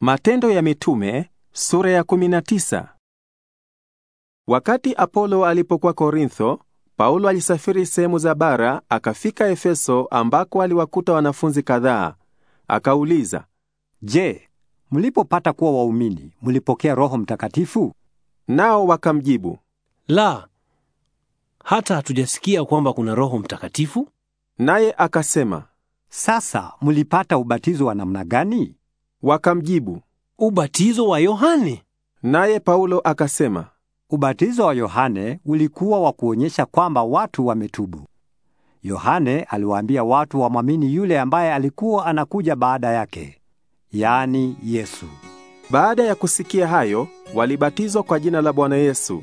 Matendo ya Mitume sura ya 19. Wakati Apolo alipokuwa Korintho, Paulo alisafiri sehemu za bara akafika Efeso ambako aliwakuta wanafunzi kadhaa. Akauliza, "Je, mlipopata kuwa waumini, mlipokea Roho Mtakatifu?" Nao wakamjibu, "La. Hata hatujasikia kwamba kuna Roho Mtakatifu." Naye akasema, "Sasa mlipata ubatizo wa namna gani?" Wakamjibu, ubatizo wa Yohane. Naye Paulo akasema, ubatizo wa Yohane ulikuwa wa kuonyesha kwamba watu wametubu. Yohane aliwaambia watu wamwamini yule ambaye alikuwa anakuja baada yake, yaani Yesu. Baada ya kusikia hayo, walibatizwa kwa jina la Bwana Yesu.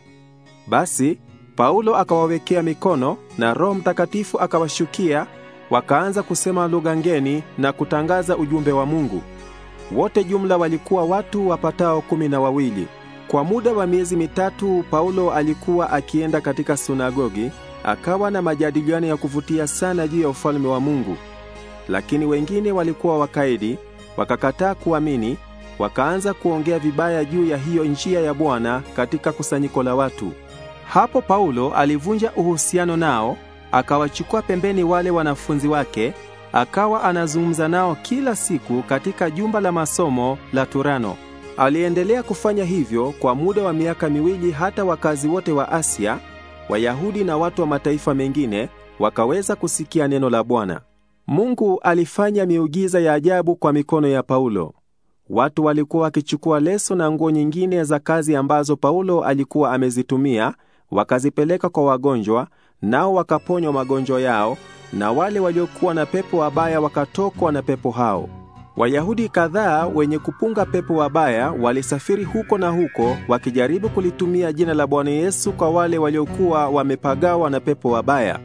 Basi Paulo akawawekea mikono na Roho Mtakatifu akawashukia, wakaanza kusema lugha ngeni na kutangaza ujumbe wa Mungu. Wote jumla walikuwa watu wapatao kumi na wawili. Kwa muda wa miezi mitatu Paulo alikuwa akienda katika sunagogi, akawa na majadiliano ya kuvutia sana juu ya ufalme wa Mungu. Lakini wengine walikuwa wakaidi, wakakataa kuamini, wakaanza kuongea vibaya juu ya hiyo njia ya Bwana katika kusanyiko la watu. Hapo Paulo alivunja uhusiano nao, akawachukua pembeni wale wanafunzi wake akawa anazungumza nao kila siku katika jumba la masomo la Turano. Aliendelea kufanya hivyo kwa muda wa miaka miwili hata wakazi wote wa Asia, Wayahudi na watu wa mataifa mengine wakaweza kusikia neno la Bwana. Mungu alifanya miujiza ya ajabu kwa mikono ya Paulo. Watu walikuwa wakichukua leso na nguo nyingine za kazi ambazo Paulo alikuwa amezitumia, wakazipeleka kwa wagonjwa, nao wakaponywa magonjwa yao na wale waliokuwa na pepo wabaya wakatokwa na pepo hao. Wayahudi kadhaa wenye kupunga pepo wabaya walisafiri huko na huko wakijaribu kulitumia jina la Bwana Yesu kwa wale waliokuwa wamepagawa na pepo wabaya.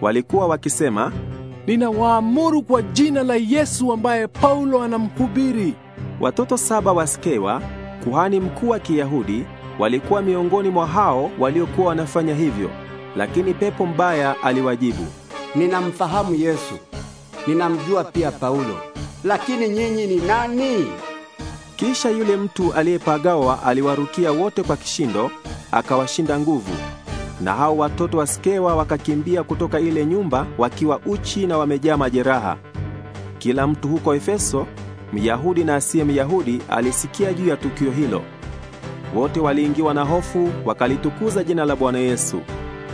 Walikuwa wakisema, "Ninawaamuru kwa jina la Yesu ambaye Paulo anamhubiri." Watoto saba wa Skewa, kuhani mkuu wa Kiyahudi, walikuwa miongoni mwa hao waliokuwa wanafanya hivyo, lakini pepo mbaya aliwajibu, Ninamfahamu Yesu, ninamjua pia Paulo, lakini nyinyi ni nani? Kisha yule mtu aliyepagawa aliwarukia wote kwa kishindo, akawashinda nguvu. Na hao watoto wa Skewa wakakimbia kutoka ile nyumba wakiwa uchi na wamejaa majeraha. Kila mtu huko Efeso, Myahudi na asiye Myahudi, alisikia juu ya tukio hilo. Wote waliingiwa na hofu, wakalitukuza jina la Bwana Yesu.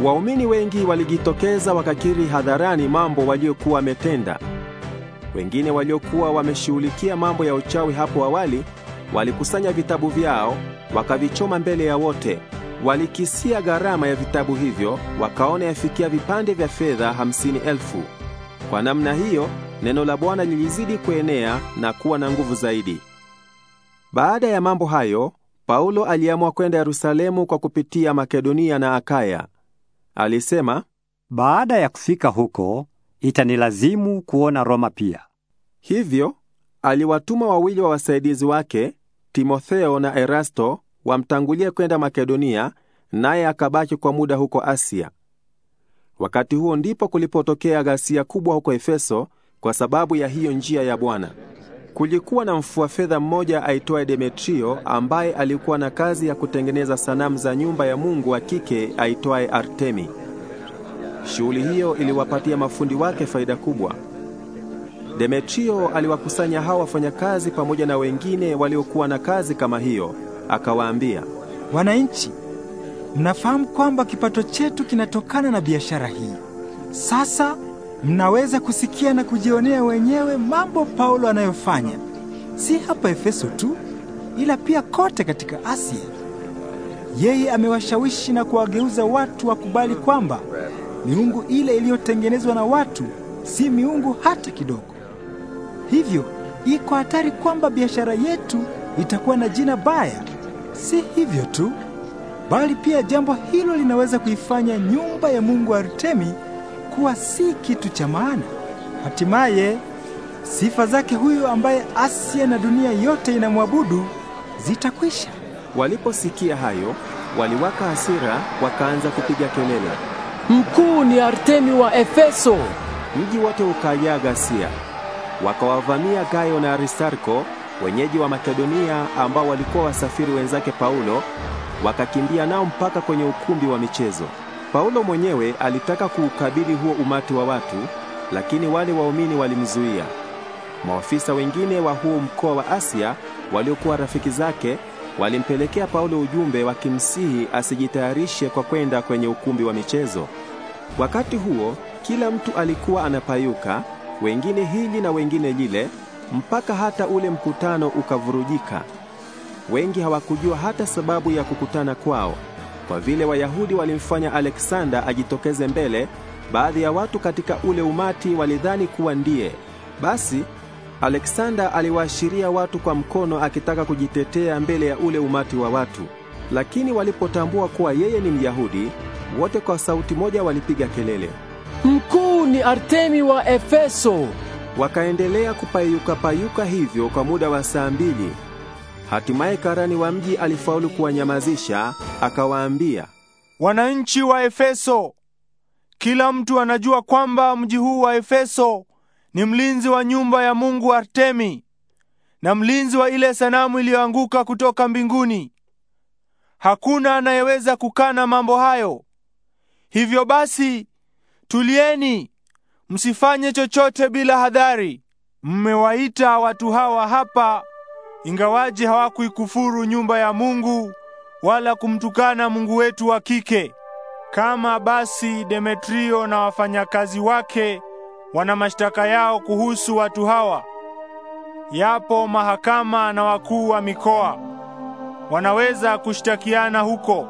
Waumini wengi walijitokeza wakakiri hadharani mambo waliokuwa wametenda. Wengine waliokuwa wameshughulikia mambo ya uchawi hapo awali walikusanya vitabu vyao wakavichoma mbele ya wote. Walikisia gharama ya vitabu hivyo wakaona yafikia vipande vya fedha hamsini elfu. Kwa namna hiyo neno la Bwana lilizidi kuenea na kuwa na nguvu zaidi. Baada ya mambo hayo, Paulo aliamua kwenda Yerusalemu kwa kupitia Makedonia na Akaya. Alisema, baada ya kufika huko itanilazimu kuona Roma pia. Hivyo aliwatuma wawili wa wasaidizi wake, Timotheo na Erasto, wamtangulie kwenda Makedonia, naye akabaki kwa muda huko Asia. Wakati huo ndipo kulipotokea ghasia kubwa huko Efeso kwa sababu ya hiyo njia ya Bwana. Kulikuwa na mfua fedha mmoja aitwaye Demetrio ambaye alikuwa na kazi ya kutengeneza sanamu za nyumba ya Mungu wa kike aitwaye Artemi. Shughuli hiyo iliwapatia mafundi wake faida kubwa. Demetrio aliwakusanya hawa wafanyakazi pamoja na wengine waliokuwa na kazi kama hiyo, akawaambia, "Wananchi, mnafahamu kwamba kipato chetu kinatokana na biashara hii. Sasa Mnaweza kusikia na kujionea wenyewe mambo Paulo anayofanya, si hapa Efeso tu, ila pia kote katika Asia. Yeye amewashawishi na kuwageuza watu wakubali kwamba miungu ile iliyotengenezwa na watu si miungu hata kidogo. Hivyo iko hatari kwamba biashara yetu itakuwa na jina baya. Si hivyo tu, bali pia jambo hilo linaweza kuifanya nyumba ya Mungu Artemi kuwa si kitu cha maana. Hatimaye sifa zake huyo ambaye Asia na dunia yote inamwabudu zitakwisha. Waliposikia hayo, waliwaka hasira, wakaanza kupiga kelele, mkuu ni Artemi wa Efeso. Mji wote ukajaa ghasia. Wakawavamia Gayo na Aristarko, wenyeji wa Makedonia, ambao walikuwa wasafiri wenzake Paulo, wakakimbia nao mpaka kwenye ukumbi wa michezo. Paulo mwenyewe alitaka kuukabili huo umati wa watu, lakini wale waumini walimzuia. Maafisa wengine wa huo mkoa wa Asia waliokuwa rafiki zake walimpelekea Paulo ujumbe wakimsihi asijitayarishe kwa kwenda kwenye ukumbi wa michezo. Wakati huo kila mtu alikuwa anapayuka, wengine hili na wengine lile, mpaka hata ule mkutano ukavurujika. Wengi hawakujua hata sababu ya kukutana kwao. Kwa vile Wayahudi walimfanya Aleksanda ajitokeze mbele, baadhi ya watu katika ule umati walidhani kuwa ndiye. Basi Aleksanda aliwaashiria watu kwa mkono akitaka kujitetea mbele ya ule umati wa watu. Lakini walipotambua kuwa yeye ni Myahudi, wote kwa sauti moja walipiga kelele, Mkuu ni Artemi wa Efeso. Wakaendelea kupayuka payuka hivyo kwa muda wa saa mbili. Hatimaye karani wa mji alifaulu kuwanyamazisha, akawaambia, wananchi wa Efeso, kila mtu anajua kwamba mji huu wa Efeso ni mlinzi wa nyumba ya Mungu Artemi na mlinzi wa ile sanamu iliyoanguka kutoka mbinguni. Hakuna anayeweza kukana mambo hayo. Hivyo basi, tulieni, msifanye chochote bila hadhari. Mmewaita watu hawa hapa ingawaji hawakuikufuru nyumba ya Mungu wala kumtukana Mungu wetu wa kike. Kama basi Demetrio na wafanyakazi wake wana mashtaka yao kuhusu watu hawa, yapo mahakama na wakuu wa mikoa wanaweza kushtakiana huko.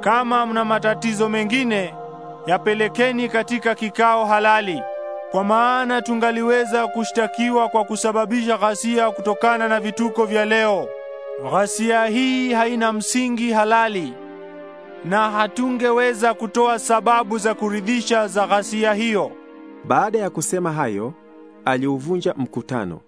Kama mna matatizo mengine, yapelekeni katika kikao halali kwa maana tungaliweza kushtakiwa kwa kusababisha ghasia kutokana na vituko vya leo. Ghasia hii haina msingi halali na hatungeweza kutoa sababu za kuridhisha za ghasia hiyo. Baada ya kusema hayo, aliuvunja mkutano.